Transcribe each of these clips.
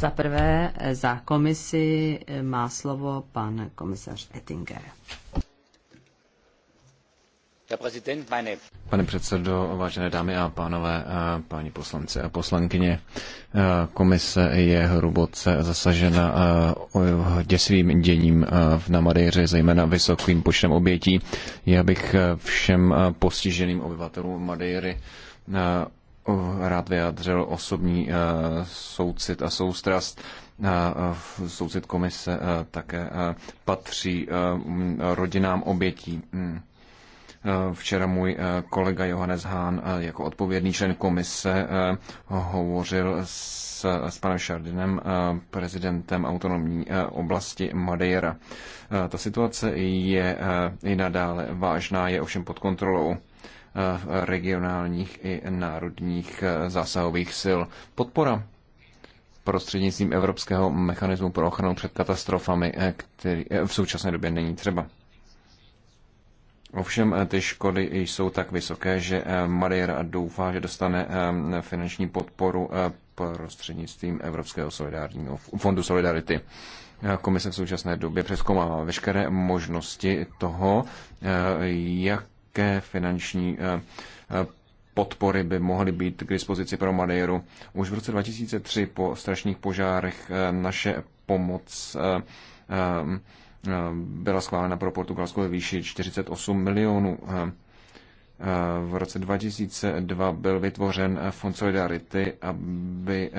Za prvé eh, za komisi eh, má slovo pan komisař Ettinger. Pane předsedo, vážené dámy a pánové, eh, páni poslanci a poslankyně, komise je hruboce zasažena děsivým děním na Madejře, zejména vysokým počtem obětí. Já bych všem postiženým obyvatelům Madejry Eh, rád vyjádřil osobní eh, soucit a soustrast. Eh, soucit komise také patří rodinám obětí. Mm. Včera můj kolega Johannes Hahn jako odpovědný člen komise hovořil s, s panem Šardinem, prezidentem autonomní oblasti Madeira. Ta situace je i nadále vážná, je ovšem pod kontrolou. Eh, regionálních i národních eh, zásahových sil. Podpora prostřednictvím Evropského mechanismu pro ochranu před katastrofami, eh, který v současné době není třeba. Ovšem ty škody jsou tak vysoké, že Madeira doufá, že dostane finanční podporu prostřednictvím Evropského solidárního fondu Solidarity. Komise v současné době přeskoumává veškeré možnosti toho, jak jaké finanční eh, eh, podpory by mohly být k dispozici pro Madeiru. Už v roce 2003 po strašných požárech eh, naše pomoc byla schválena pro Portugalsko ve výši 48 milionů. V roce 2002 byl vytvořen Fond Solidarity, aby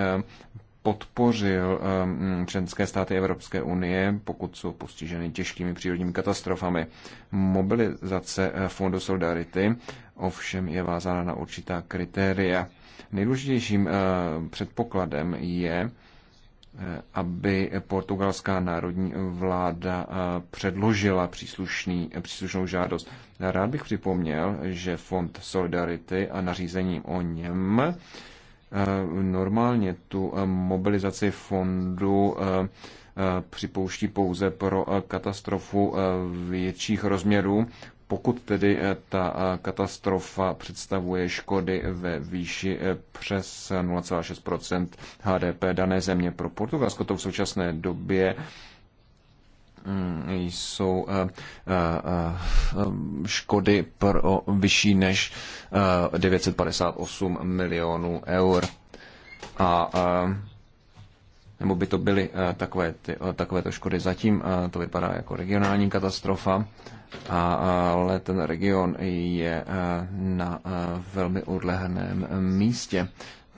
podpořil ehm, členské státy Evropské unie, pokud jsou postiženy těžkými přírodními katastrofami. Mobilizace eh, Fondu Solidarity ovšem je vázána na určitá kritéria. Nejdůležitějším eh, předpokladem je, eh, aby portugalská národní vláda předložila příslušný, příslušnou žádost. Rád bych připomněl, že Fond Solidarity a nařízení o něm Eh, normálně tu eh, mobilizaci fondu eh, připouští pouze pro katastrofu větších rozměrů, pokud tedy ta katastrofa představuje škody ve výši přes 0,6 HDP dané země. Pro Portugalsko to v současné době Mm, jsou eh, eh, eh, škody pro vyšší než 958 milionů eur. A nebo by to byly takové ty, takovéto škody. Zatím to vypadá jako regionální katastrofa, ale ten region je na velmi odlehném místě.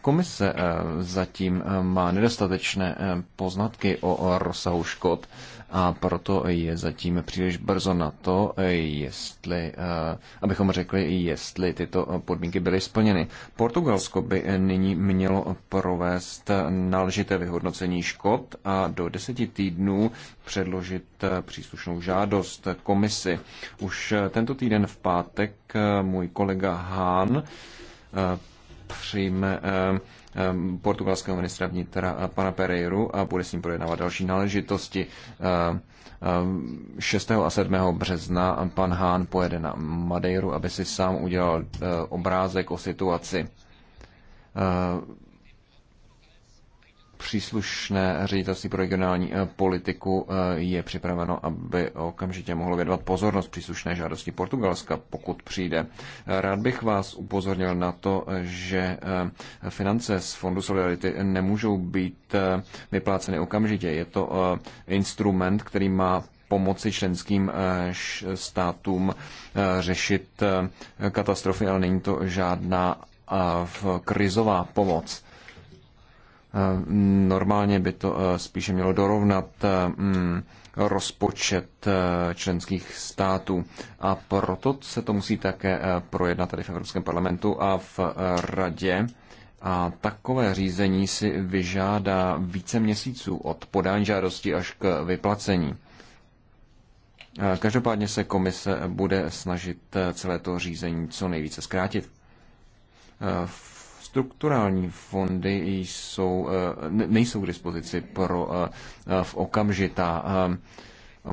Komise zatím má nedostatečné poznatky o rozsahu škod a proto je zatím příliš brzo na to, jestli, eh, abychom řekli, jestli tyto podmínky byly splněny. Portugalsko by nyní mělo provést náležité vyhodnocení škod a do deseti týdnů předložit eh, příslušnou žádost komisi. Už eh, tento týden v pátek můj kolega Hán přijme eh, eh, portugalského ministra vnitra eh, pana Pereiru a bude s ním projednávat další náležitosti. 6. a 7. března pan Hán pojede na Madeiru, aby si sám udělal obrázek o situaci příslušné ředitelství pro regionální eh, politiku eh, je připraveno, aby okamžitě mohlo vědovat pozornost příslušné žádosti Portugalska, pokud přijde. Eh, rád bych vás upozornil na to, že finance z Fondu Solidarity nemůžou být vypláceny okamžitě. Je to instrument, který má pomoci členským státům řešit katastrofy, ale není to žádná krizová pomoc Eh, normálně by to eh, spíše mělo dorovnat eh, mm, rozpočet členských států. A proto se to musí také projednat tady v Evropském parlamentu a v radě. A takové řízení si vyžádá více měsíců od podání žádosti až k vyplacení. Každopádně se komise bude snažit celé to řízení co nejvíce zkrátit. V Strukturální fondy jsou, eh, nejsou k dispozici pro eh, eh, v okamžitá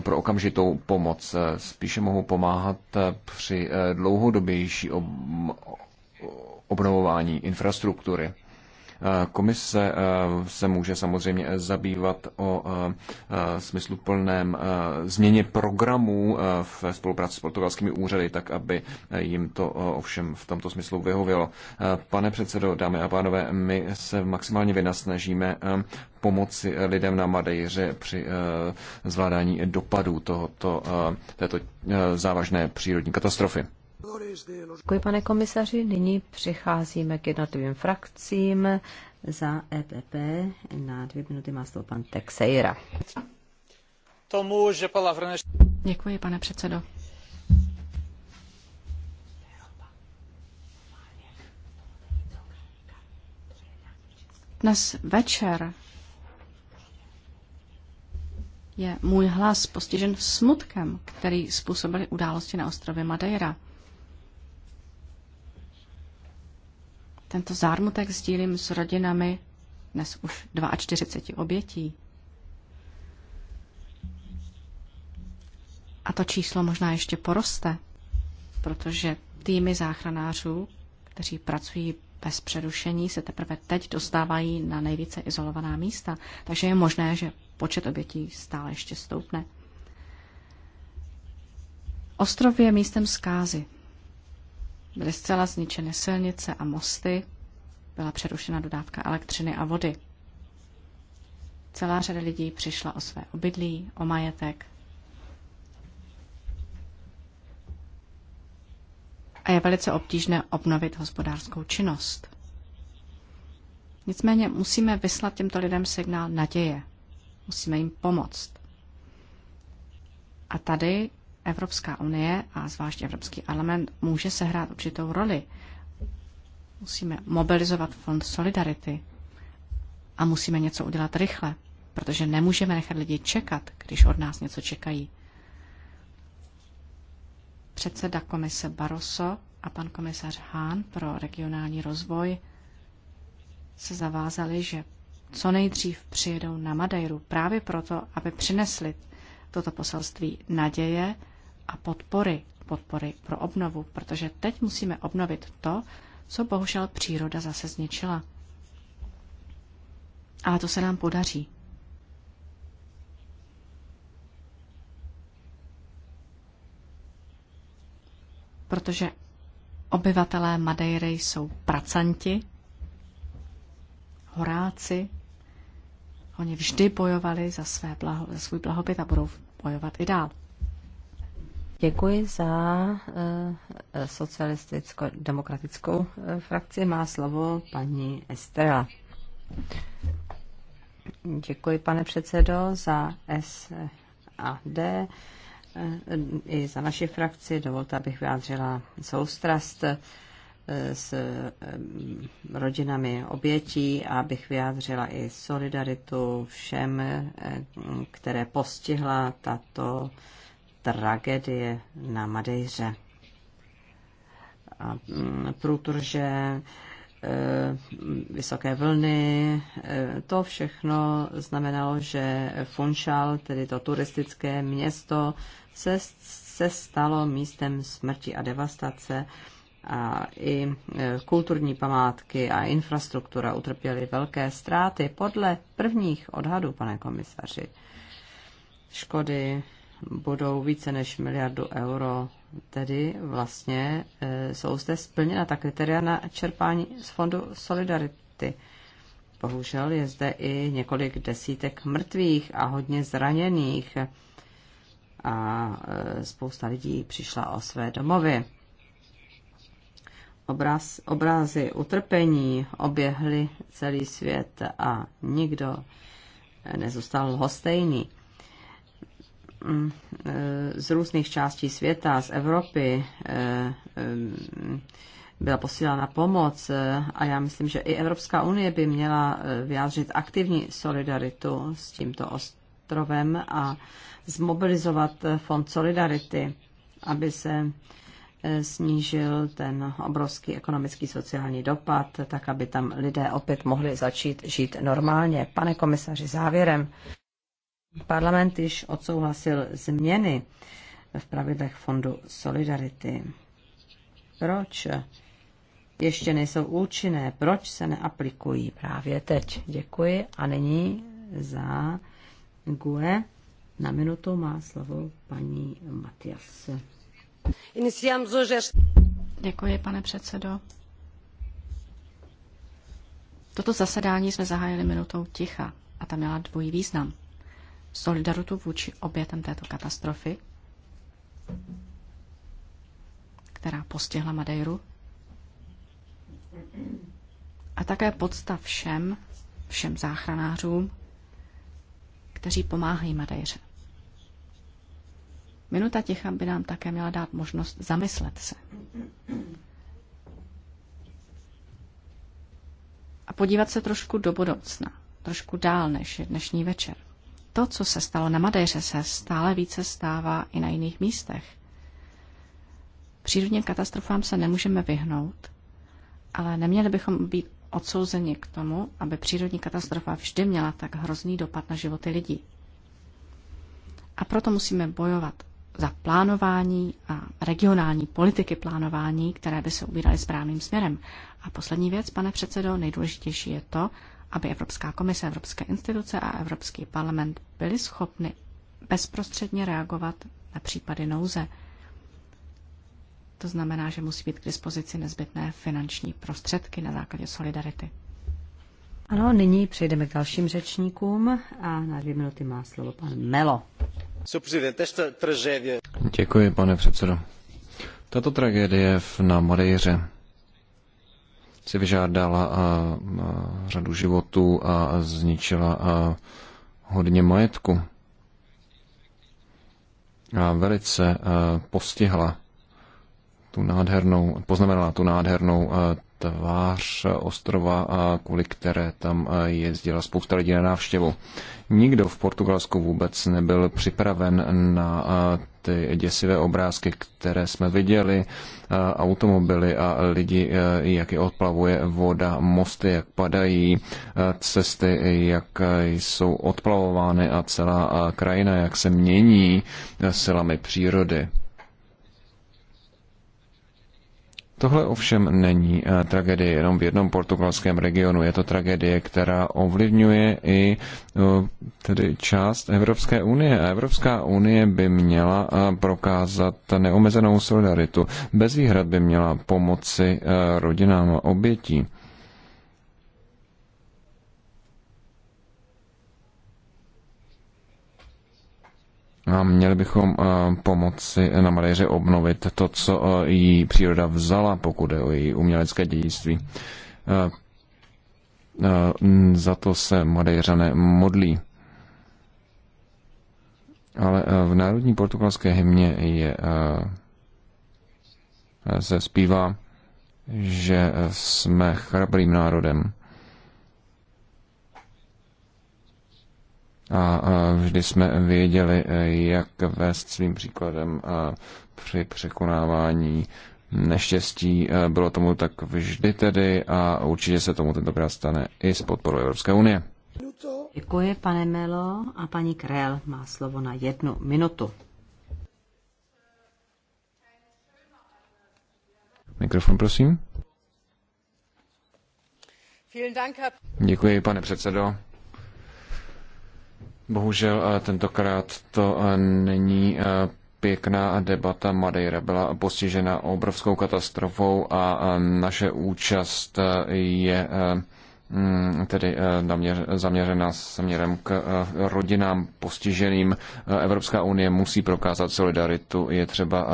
pro okamžitou pomoc. Spíše mohou pomáhat při dlouhodobější obnovování infrastruktury. Komise eh, se může samozřejmě zabývat o eh, eh, smysluplném změně programů v spolupráci s portugalskými úřady, tak aby jim to ovšem v tomto smyslu vyhovělo. Pane předsedo, dámy a pánové, my se maximálně vynasnažíme pomoci lidem na Madejře při zvládání dopadů tohoto, této závažné přírodní katastrofy. Děkuji, pane komisaři. Nyní přicházíme k jednotlivým frakcím. Za EPP na dvě minuty má slovo pan Texeira. Tomu, že Děkuji, pane předsedo. Dnes večer je můj hlas postižen smutkem, který způsobily události na ostrově Madeira. Tento zármutek sdílím s rodinami dnes už 42 obětí. A to číslo možná ještě poroste, protože týmy záchranářů, kteří pracují bez přerušení, se teprve teď dostávají na nejvíce izolovaná místa. Takže je možné, že počet obětí stále ještě stoupne. Ostrov je místem zkázy, Byly zcela zničeny silnice a mosty, byla přerušena dodávka elektřiny a vody. Celá řada lidí přišla o své obydlí, o majetek. A je velice obtížné obnovit hospodářskou činnost. Nicméně musíme vyslat těmto lidem signál naděje. Musíme jim pomoct. A tady Evropská unie a zvlášť Evropský parlament může sehrát určitou roli. Musíme mobilizovat fond Solidarity a musíme něco udělat rychle, protože nemůžeme nechat lidi čekat, když od nás něco čekají. Předseda komise Barroso a pan komisař Hahn pro regionální rozvoj se zavázali, že co nejdřív přijedou na Madeiru právě proto, aby přinesli toto poselství naděje a podpory, podpory pro obnovu, protože teď musíme obnovit to, co bohužel příroda zase zničila. Ale to se nám podaří. Protože obyvatelé Madeiry jsou pracanti, horáci, Oni vždy bojovali za, své blaho, za svůj blahobyt a budou bojovat i dál. Děkuji za eh, eh, socialisticko-demokratickou eh, frakci. Má slovo paní Estrela. Děkuji, pane předsedo, za SAD i za naši frakci. Dovolte, abych vyjádřila soustrast s rodinami obětí a abych vyjádřila i solidaritu všem, které postihla tato tragédie na Madejře. A, mm, protože e, vysoké vlny. E, to všechno znamenalo, že Funchal, tedy to turistické město, se, se stalo místem smrti a devastace a i e, kulturní památky a infrastruktura utrpěly velké ztráty podle prvních odhadů, pane komisaři. Škody budou více než miliardu euro. Tedy vlastně e, jsou zde splněna ta kritéria na čerpání z fondu Solidarity. Bohužel je zde i několik desítek mrtvých a hodně zraněných a e, spousta lidí přišla o své domovy. Obraz, obrázy utrpení oběhly celý svět a nikdo nezůstal hostejný. Eh, z různých částí světa, z Evropy, eh, eh, byla posílána pomoc a já myslím, že i Evropská unie by měla vyjádřit aktivní solidaritu s tímto ostrovem a zmobilizovat fond solidarity, aby se snížil ten obrovský ekonomický sociální dopad, tak aby tam lidé opět mohli začít žít normálně. Pane komisaři, závěrem Parlament již odsouhlasil změny v pravidlech Fondu Solidarity. Proč ještě nejsou účinné? Proč se neaplikují právě teď? Děkuji a nyní za GUE. Na minutu má slovo paní Matias. Děkuji, pane předsedo. Toto zasedání jsme zahájili minutou ticha a ta měla dvojí význam solidaritu vůči obětem této katastrofy, která postihla Madeiru, a také podsta všem, všem záchranářům, kteří pomáhají Madejře. Minuta ticha by nám také měla dát možnost zamyslet se. A podívat se trošku do budoucna, trošku dál než je dnešní večer to, co se stalo na Madejře, se stále více stává i na jiných místech. Přírodním katastrofám se nemůžeme vyhnout, ale neměli bychom být odsouzeni k tomu, aby přírodní katastrofa vždy měla tak hrozný dopad na životy lidí. A proto musíme bojovat za plánování a regionální politiky plánování, které by se ubíraly správným směrem. A poslední věc, pane předsedo, nejdůležitější je to, aby Evropská komise, Evropské instituce a Evropský parlament byly schopny bezprostředně reagovat na případy nouze. To znamená, že musí být k dispozici nezbytné finanční prostředky na základě solidarity. Ano, nyní přejdeme k dalším řečníkům a na dvě minuty má slovo pan Melo. Děkuji, pane předsedo. Tato tragédie na Madejře si vyžádala a, a řadu životů a zničila a hodně majetku. A velice a, postihla tu nádhernou, poznamenala tu nádhernou tvář ostrova, a kvůli které tam eh, jezdila spousta lidí na návštěvu. Nikdo v Portugalsku vůbec nebyl připraven na eh, ty děsivé obrázky, které jsme viděli, eh, automobily a lidi, jak je odplavuje voda, mosty, jak padají, cesty, jak jsou odplavovány a celá krajina, jak se mění silami přírody. Tohle ovšem není eh, tragédie jenom v jednom portugalském regionu. Je to tragédie, která ovlivňuje i eh, tedy část Evropské unie. A Evropská unie by měla eh, prokázat neomezenou solidaritu. Bez výhrad by měla pomoci rodinám obětí. A měli bychom eh, pomoci na Madejře obnovit to, co eh, jí příroda vzala, pokud je o její umělecké dědictví. Eh, za to se Madejřané modlí. Ale v národní portugalské hymně je, se zpívá, že jsme chrabrým národem. a, vždy jsme věděli, jak vést svým příkladem a při překonávání neštěstí. Bylo tomu tak vždy tedy a určitě se tomu tentokrát stane i s podporou Evropské unie. Děkuji, pane Melo. A paní Krel má slovo na jednu minutu. Mikrofon, prosím. Děkuji, pane předsedo. Bohužel eh, tentokrát to eh, není eh, pěkná debata. Madeira byla postižena obrovskou katastrofou a naše účast je Mm, tedy eh, zaměřena směrem k eh, rodinám postiženým. Eh, Evropská unie musí prokázat solidaritu, je třeba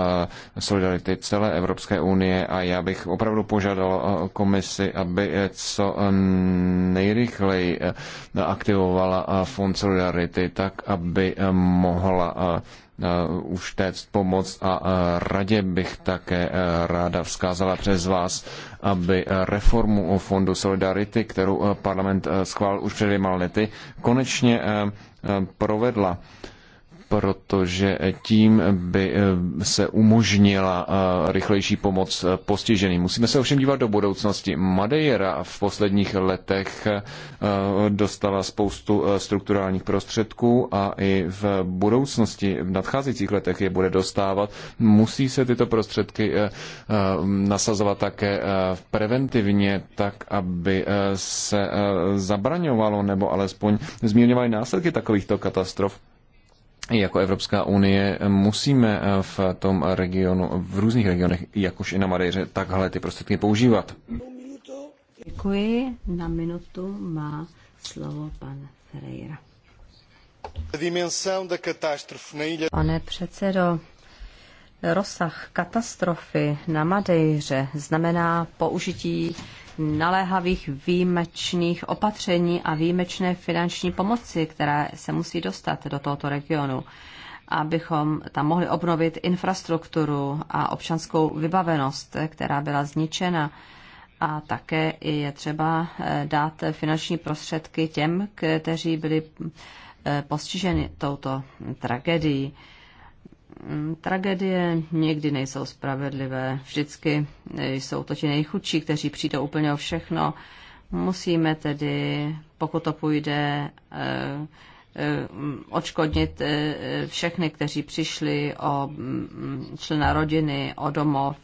solidarity celé Evropské unie a já bych opravdu požádal komisi, aby co nejrychleji aktivovala fond solidarity tak, aby mohla Eh, už téct pomoc a eh, radě bych také eh, ráda vzkázala přes vás, aby reformu o Fondu Solidarity, kterou parlament schválil už před dvěma lety, konečně provedla protože tím by eh, se umožnila eh, rychlejší pomoc eh, postiženým. Musíme se ovšem dívat do budoucnosti. Madeira v posledních letech dostala spoustu strukturálních prostředků a i v budoucnosti, v nadcházejících letech je bude dostávat. Musí se tyto prostředky nasazovat také preventivně, tak aby se zabraňovalo nebo alespoň zmírňovaly následky takovýchto katastrof jako Evropská unie musíme eh, v tom regionu, v různých regionech, jakož i na Madejře, takhle ty prostředky používat. Děkuji. Na minutu má slovo pan Ferreira. Pane předsedo, rozsah katastrofy na Madejře znamená použití naléhavých výjimečných opatření a výjimečné finanční pomoci, které se musí dostat do tohoto regionu, abychom tam mohli obnovit infrastrukturu a občanskou vybavenost, která byla zničena. A také je třeba eh, dát finanční prostředky těm, kteří byli eh, postiženi touto tragédií. Mm, tragédie někdy nejsou spravedlivé. Vždycky jsou to ti nejchudší, kteří přijdou úplně o všechno. Musíme tedy, pokud to půjde, eh, eh, odškodnit eh, všechny, kteří přišli o mm, člena rodiny, o domov.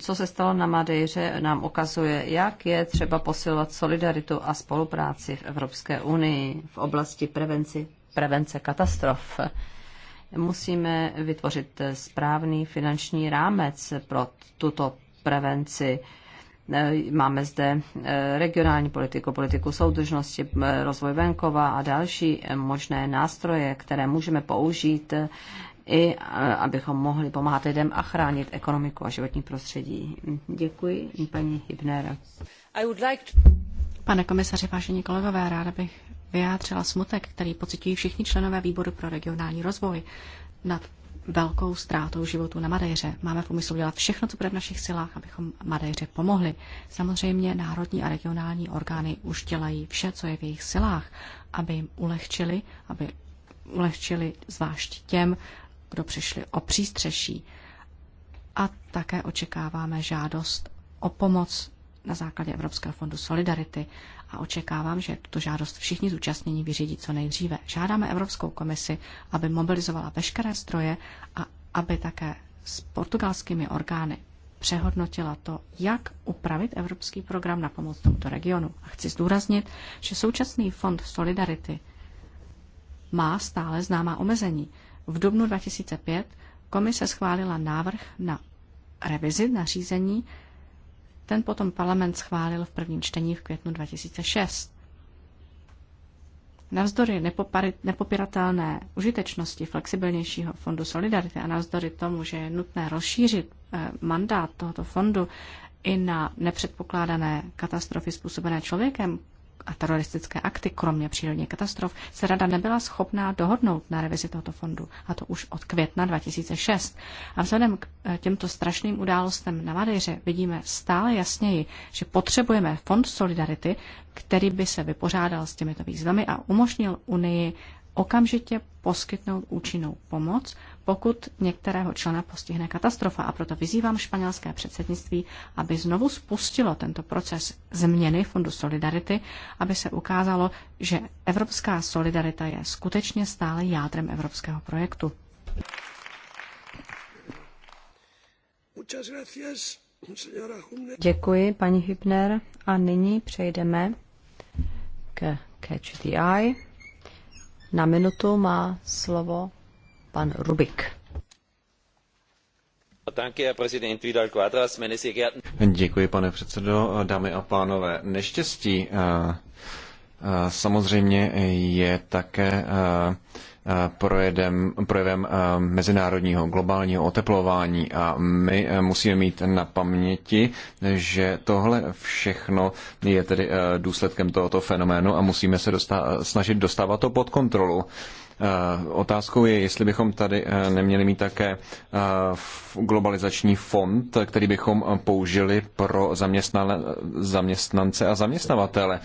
Co se stalo na Madejře, nám ukazuje, jak je třeba posilovat solidaritu a spolupráci v Evropské unii v oblasti prevenci, prevence katastrof musíme vytvořit správný finanční rámec pro tuto prevenci. Eh, máme zde eh, regionální politiku, politiku soudržnosti, eh, rozvoj venkova a další možné nástroje, které můžeme použít i abychom mohli pomáhat lidem a chránit ekonomiku a životní prostředí. Děkuji, paní Hibner. Pane komisaři, vážení kolegové, ráda bych vyjádřila smutek, který pocitují všichni členové výboru pro regionální rozvoj nad velkou ztrátou životu na Madejře. Máme v úmyslu dělat všechno, co bude v našich silách, abychom Madejře pomohli. Samozřejmě národní a regionální orgány už dělají vše, co je v jejich silách, aby jim ulehčili, aby ulehčili zvlášť těm, kdo přišli o přístřeší. A také očekáváme žádost o pomoc na základě Evropského fondu Solidarity a očekávám, že tuto žádost všichni zúčastnění vyřídí co nejdříve. Žádáme Evropskou komisi, aby mobilizovala veškeré stroje a aby také s portugalskými orgány přehodnotila to, jak upravit evropský program na pomoc tomuto regionu. A chci zdůraznit, že současný fond Solidarity má stále známá omezení. V dubnu 2005 komise schválila návrh na revizi nařízení, ten potom parlament schválil v prvním čtení v květnu 2006. Navzdory nepopiratelné užitečnosti flexibilnějšího fondu Solidarity a navzdory tomu, že je nutné rozšířit eh, mandát tohoto fondu i na nepředpokládané katastrofy způsobené člověkem, a teroristické akty, kromě přírodních katastrof, se rada nebyla schopná dohodnout na revizi tohoto fondu, a to už od května 2006. A vzhledem k eh, těmto strašným událostem na Madejře vidíme stále jasněji, že potřebujeme fond Solidarity, který by se vypořádal s těmito výzvami a umožnil Unii okamžitě poskytnout účinnou pomoc pokud některého člena postihne katastrofa. A proto vyzývám španělské předsednictví, aby znovu spustilo tento proces změny Fondu Solidarity, aby se ukázalo, že evropská solidarita je skutečně stále jádrem evropského projektu. Děkuji, paní Hübner. A nyní přejdeme k Catch the Eye. Na minutu má slovo pan Rubik. Děkuji, pane předsedo, dámy a pánové. Neštěstí eh, eh, samozřejmě je také eh, projedem, projevem mezinárodního globálního oteplování a my musíme mít na paměti, že tohle všechno je tedy důsledkem tohoto fenoménu a musíme se snažit dostávat to pod kontrolu. Eh, otázkou je, jestli bychom tady eh, neměli mít také eh, globalizační fond, který bychom použili pro zaměstnance a zaměstnavatele.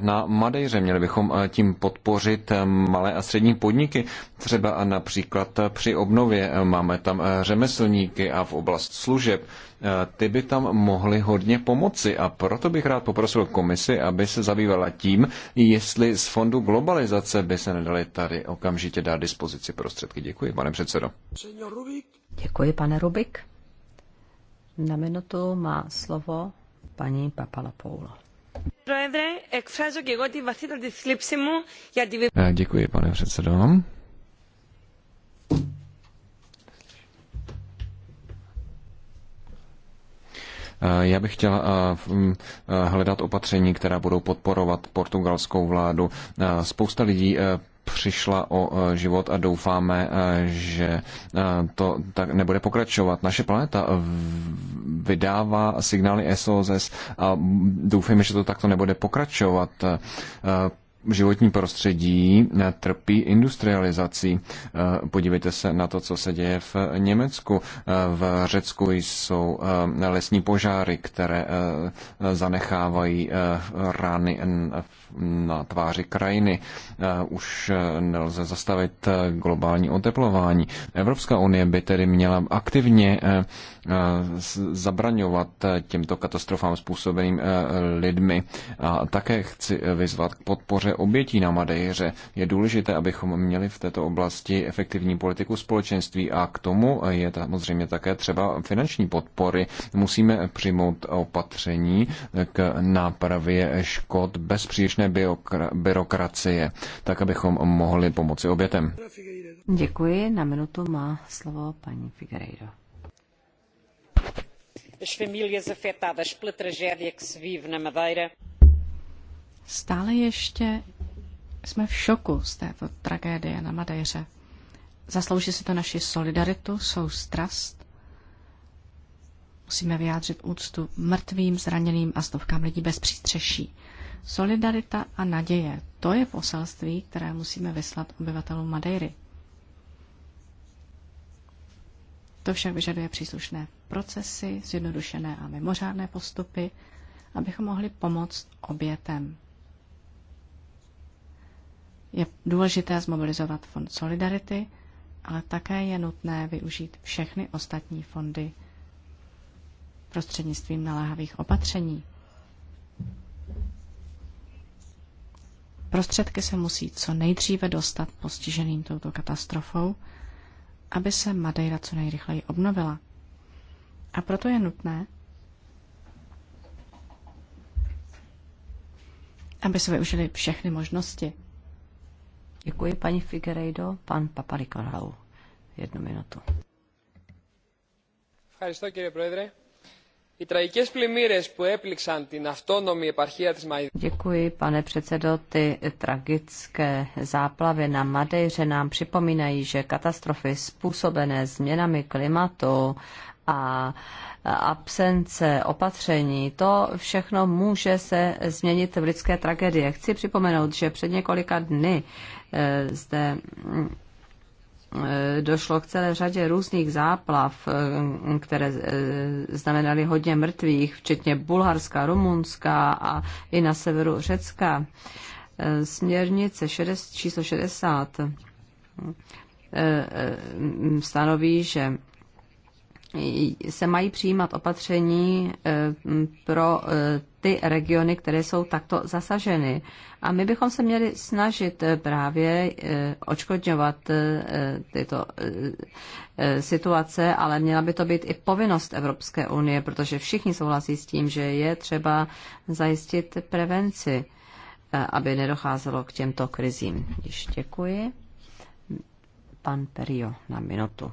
Na Madejře měli bychom tím podpořit malé a střední podniky. Třeba například při obnově máme tam řemeslníky a v oblast služeb Eh, ty by tam mohly hodně pomoci. A proto bych rád poprosil komisi, aby se zabývala tím, jestli z fondu globalizace by se nedali tady okamžitě dát dispozici prostředky. Děkuji, pane předsedo. Děkuji, pane Rubik. Na minutu má slovo paní Papalapoulo. Eh, děkuji, pane předsedo. Eh, já bych chtěl eh, mm, eh, hledat opatření, která budou podporovat portugalskou vládu. Spousta lidí přišla o život a doufáme, že to tak nebude pokračovat. Naše planeta vydává signály SOS a doufejme, že to takto nebude pokračovat životní prostředí eh, trpí industrializací. Eh, podívejte se na to, co se děje v Německu. Eh, v Řecku jsou lesní požáry, které zanechávají rány v na tváři krajiny. Eh, už eh, nelze zastavit eh, globální oteplování. Evropská unie by tedy měla aktivně zabraňovat těmto katastrofám způsobeným lidmi. A také chci vyzvat k podpoře obětí na Madejře. Je důležité, abychom měli v této oblasti efektivní politiku společenství a k tomu je samozřejmě také třeba finanční podpory. Musíme přijmout opatření k nápravě škod bez přílišné zbavíme byrokracie, tak abychom mohli pomoci obětem. Děkuji. Na minutu má slovo paní Figueiredo. Stále ještě jsme v šoku z této tragédie na Madejře. Zaslouží si to naši solidaritu, soustrast. Musíme vyjádřit úctu mrtvým, zraněným a stovkám lidí bez přístřeší. Solidarita a naděje, to je poselství, které musíme vyslat obyvatelům Madeiry. To však vyžaduje příslušné procesy, zjednodušené a mimořádné postupy, abychom mohli pomoct obětem. Je důležité zmobilizovat fond Solidarity, ale také je nutné využít všechny ostatní fondy prostřednictvím naléhavých opatření. Prostředky se musí co nejdříve dostat postiženým touto katastrofou, aby se Madeira co nejrychleji obnovila. A proto je nutné, aby se využili všechny možnosti. Děkuji paní Figueiredo, pan Paparikolau. Jednu minutu. Děkuji, Děkuji, pane předsedo. Ty tragické záplavy na Madejře nám připomínají, že katastrofy způsobené změnami klimatu a absence opatření, to všechno může se změnit v lidské tragédie. Chci připomenout, že před několika dny eh, zde Eh, došlo k celé řadě různých záplav, eh, které eh, znamenaly hodně mrtvých, včetně Bulharska, Rumunska a i na severu Řecka. Směrnice 6, číslo 60 stanoví, že se mají přijímat opatření eh, pro eh, ty regiony, které jsou takto zasaženy. A my bychom se měli snažit eh, právě očkodňovat tyto situace, ale měla by to být i povinnost Evropské unie, protože všichni souhlasí s tím, že je třeba zajistit prevenci, aby nedocházelo k těmto krizím. Již děkuji. Pan Perio na minutu.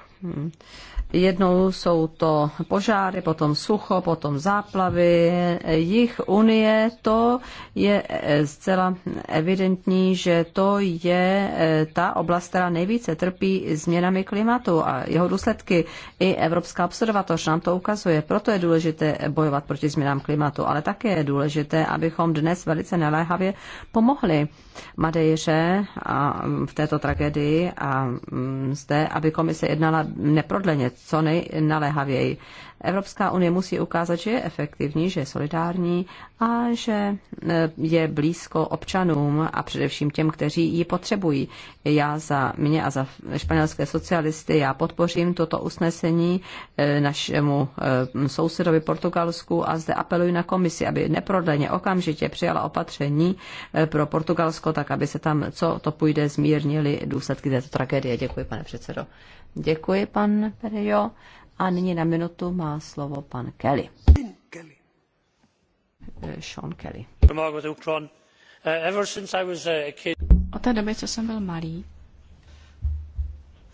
Hmm. Jednou jsou to požáry, potom sucho, potom záplavy. Jich unie, to je eh, zcela evidentní, že to je eh, ta oblast, která nejvíce trpí změnami klimatu a jeho důsledky. I Evropská observatoř nám to ukazuje. Proto je důležité bojovat proti změnám klimatu, ale také je důležité, abychom dnes velice naléhavě pomohli Madejře a mm, v této tragédii a mm, zde, aby komise jednala neprodleně, co nejnaléhavěji. Evropská unie musí ukázat, že je efektivní, že je solidární a že eh, je blízko občanům a především těm, kteří ji potřebují. Já za mě a za španělské socialisty já podpořím toto usnesení eh, našemu eh, sousedovi Portugalsku a zde apeluji na komisi, aby neprodleně okamžitě přijala opatření pro Portugalsko, tak aby se tam, co to půjde, zmírnili důsledky této tragédie. Děkuji, pane předsedo. Děkuji, pan Perejo. A nyní na minutu má slovo pan Kelly. Eh, Sean Kelly. Od té doby, co jsem byl malý,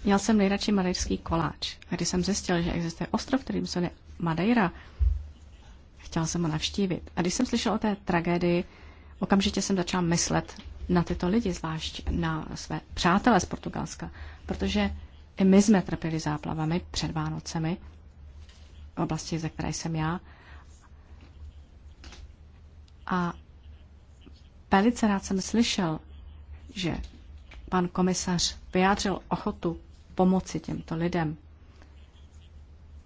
měl jsem nejradši malířský koláč. A když jsem zjistil, že existuje ostrov, kterým se jmenuje Madeira, chtěl jsem ho navštívit. A když jsem slyšel o té tragédii, okamžitě jsem začal myslet na tyto lidi, zvlášť na své přátele z Portugalska, protože i my jsme trpěli záplavami před Vánocemi v oblasti, ze které jsem já. A velice rád jsem slyšel, že pan komisař vyjádřil ochotu pomoci těmto lidem.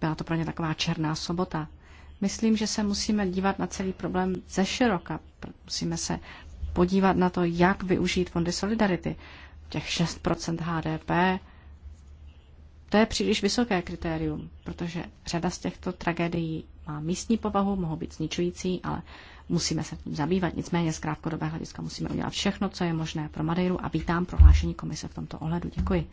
Byla to pro ně taková černá sobota. Myslím, že se musíme dívat na celý problém ze široka. Musíme se podívat na to, jak využít fondy Solidarity. Těch 6% HDP, to je příliš vysoké kritérium, protože řada z těchto tragédií má místní povahu, mohou být zničující, ale musíme se tím zabývat. Nicméně z krátkodobého hlediska musíme udělat všechno, co je možné pro Madeiru a vítám prohlášení komise v tomto ohledu. Děkuji.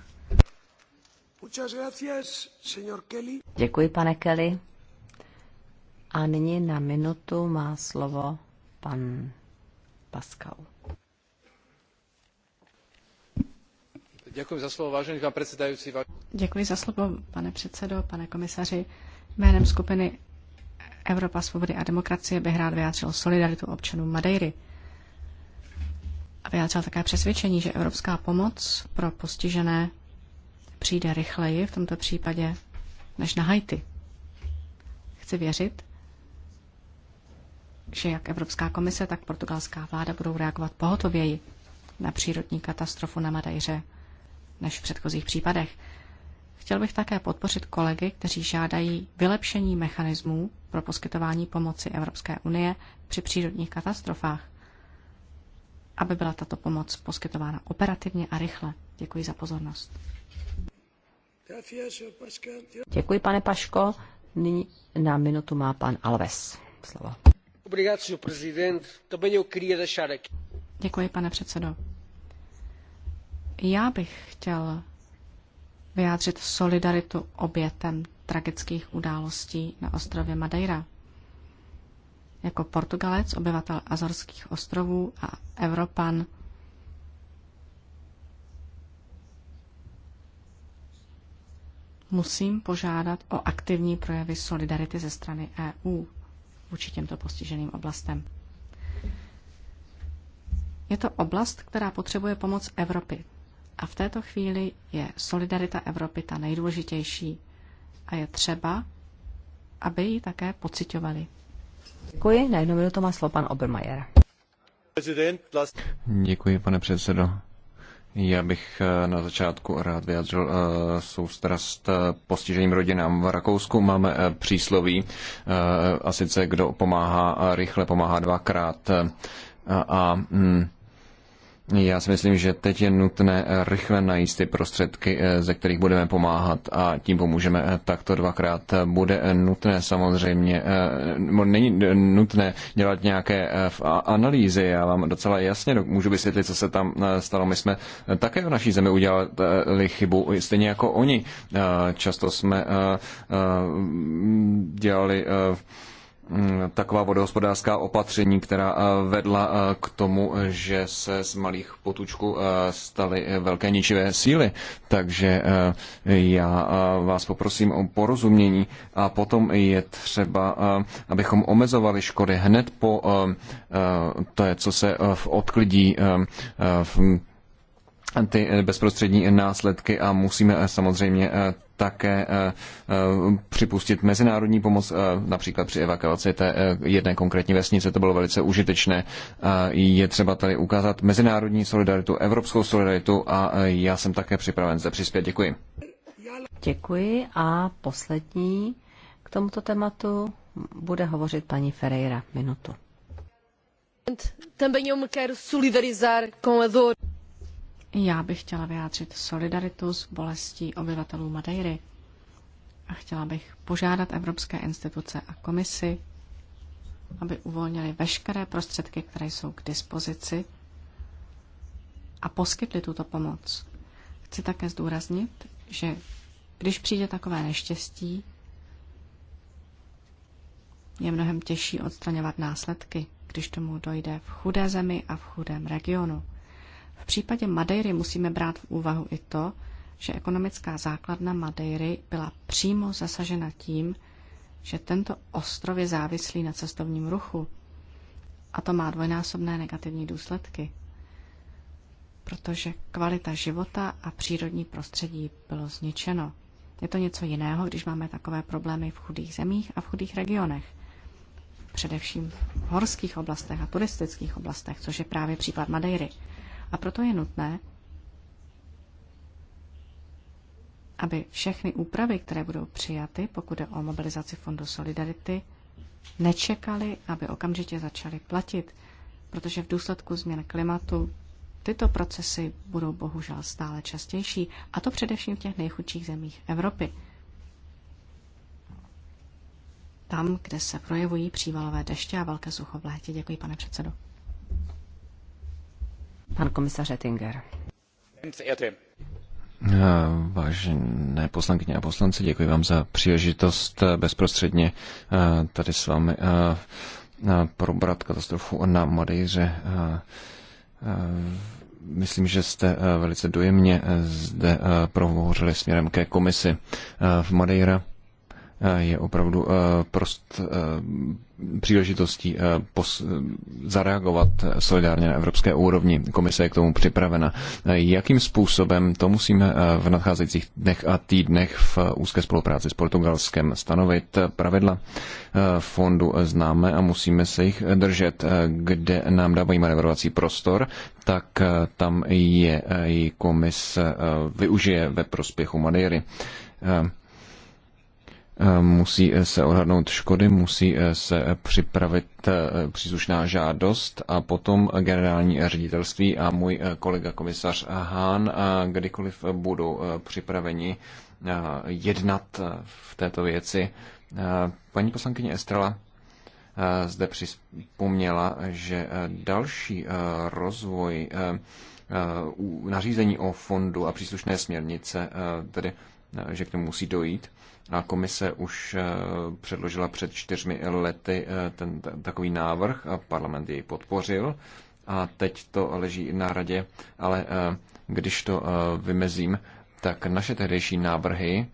Děkuji, pane Kelly. A nyní na minutu má slovo pan Pascal. Děkuji za slovo, vážený předsedající. Děkuji za slovo, pane předsedo, pane komisaři. Jménem skupiny Evropa svobody a demokracie bych rád vyjádřil solidaritu občanů Madeiry. A vyjádřil také přesvědčení, že evropská pomoc pro postižené přijde rychleji v tomto případě než na Haiti. Chci věřit, že jak Evropská komise, tak portugalská vláda budou reagovat pohotověji na přírodní katastrofu na Madejře než v předchozích případech. Chtěl bych také podpořit kolegy, kteří žádají vylepšení mechanismů pro poskytování pomoci Evropské unie při přírodních katastrofách, aby byla tato pomoc poskytována operativně a rychle. Děkuji za pozornost. Děkuji, pane Paško. Nyní na minutu má pan Alves slovo. Děkuji, pane předsedo já bych chtěl vyjádřit solidaritu obětem tragických událostí na ostrově Madeira. Jako Portugalec, obyvatel Azorských ostrovů a Evropan musím požádat o aktivní projevy solidarity ze strany EU vůči těmto postiženým oblastem. Je to oblast, která potřebuje pomoc Evropy. A v této chvíli je solidarita Evropy ta nejdůležitější a je třeba, aby ji také pocitovali. Děkuji. Na jednu minutu má slovo pan Obermajer. Děkuji, pane předsedo. Já bych eh, na začátku rád vyjádřil eh, soustrast eh, postiženým rodinám. V Rakousku máme přísloví, a sice kdo pomáhá rychle, pomáhá dvakrát. A, a mm, já si myslím, že teď je nutné eh, rychle najít ty prostředky, eh, ze kterých budeme pomáhat a tím pomůžeme eh, takto dvakrát. Bude nutné samozřejmě, není nutné dělat nějaké analýzy, já vám docela jasně můžu vysvětlit, co se tam stalo. My jsme také v naší zemi udělali chybu, stejně jako oni. Často jsme dělali Mm, taková vodohospodářská opatření, která eh, vedla eh, k tomu, že se z malých potučků eh, staly velké ničivé síly. Takže já vás poprosím o porozumění a potom je třeba, abychom omezovali škody hned po to, co se odklidí v ty eh, bezprostřední následky a musíme eh, samozřejmě eh, také připustit mezinárodní pomoc, například při evakuaci té jedné konkrétní vesnice, to bylo velice užitečné. Je třeba tady ukázat mezinárodní solidaritu, evropskou solidaritu a já jsem také připraven zde přispět. Děkuji. Děkuji a poslední k tomuto tématu bude hovořit paní Ferreira minutu. me solidarizar já bych chtěla vyjádřit solidaritu s bolestí obyvatelů Madeiry a chtěla bych požádat evropské instituce a komisi, aby uvolnili veškeré prostředky, které jsou k dispozici a poskytli tuto pomoc. Chci také zdůraznit, že když přijde takové neštěstí, je mnohem těžší odstraňovat následky, když tomu dojde v chudé zemi a v chudém regionu. V případě Madeiry musíme brát v úvahu i to, že ekonomická základna Madeiry byla přímo zasažena tím, že tento ostrov je závislý na cestovním ruchu. A to má dvojnásobné negativní důsledky, protože kvalita života a přírodní prostředí bylo zničeno. Je to něco jiného, když máme takové problémy v chudých zemích a v chudých regionech. Především v horských oblastech a turistických oblastech, což je právě případ Madeiry. A proto je nutné, aby všechny úpravy, které budou přijaty, pokud jde o mobilizaci Fondu Solidarity, nečekali, aby okamžitě začaly platit, protože v důsledku změn klimatu tyto procesy budou bohužel stále častější, a to především v těch nejchudších zemích Evropy. Tam, kde se projevují přívalové deště a velké sucho v létě. Děkuji, pane předsedo. Pan komisař Ettinger. Vážené poslankyně a poslanci, děkuji vám za příležitost bezprostředně eh, tady s vámi eh, eh, probrat katastrofu na Madejře. Myslím, že jste velice dojemně zde prohovořili směrem ke komisi v Madeira Eh, je opravdu eh, prost eh, příležitostí zareagovat solidárně na evropské úrovni. Komise je k tomu připravena. Jakým způsobem to musíme v nadcházejících dnech a týdnech v úzké spolupráci s Portugalskem stanovit? Pravidla fondu známe a musíme se jich držet. Kde nám dávají manevrovací prostor, tak tam je i komise využije ve prospěchu Madeiry musí eh, se odhadnout škody, musí eh, se eh, připravit příslušná žádost a potom generální ředitelství a můj kolega komisař Hán kdykoliv budou připraveni jednat v této věci. Paní poslankyně Estrela zde připomněla, že další rozvoj nařízení o fondu a příslušné směrnice, tedy že k tomu musí dojít, a komise už eh, předložila před čtyřmi lety eh, ten takový návrh a parlament jej podpořil. A teď to leží na radě, ale eh, když to vymezím, tak naše tehdejší návrhy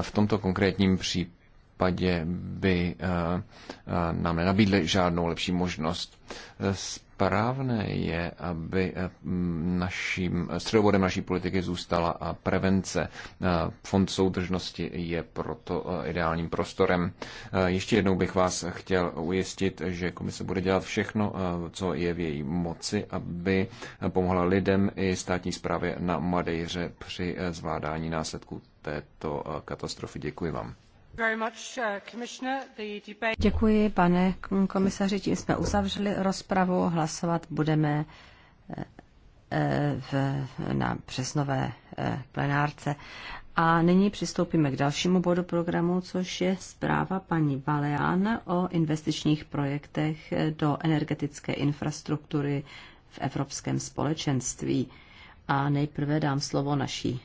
v tomto konkrétním případě by nám nenabídly žádnou lepší možnost správné je, aby eh, naším, eh, středobodem naší politiky zůstala eh, prevence. Fond soudržnosti je proto ideálním prostorem. Ještě jednou bych vás chtěl ujistit, že komise bude dělat všechno, co je v její moci, aby pomohla lidem i státní správě na Madejře při zvládání následků této katastrofy. Děkuji vám. Uh, Děkuji, pane komisaři, tím jsme uzavřeli rozpravu. Hlasovat budeme eh, eh, v, na březnové eh, plenárce. A nyní přistoupíme k dalšímu bodu programu, což je zpráva paní Baleán o investičních projektech do energetické infrastruktury v Evropském společenství. A nejprve dám slovo naší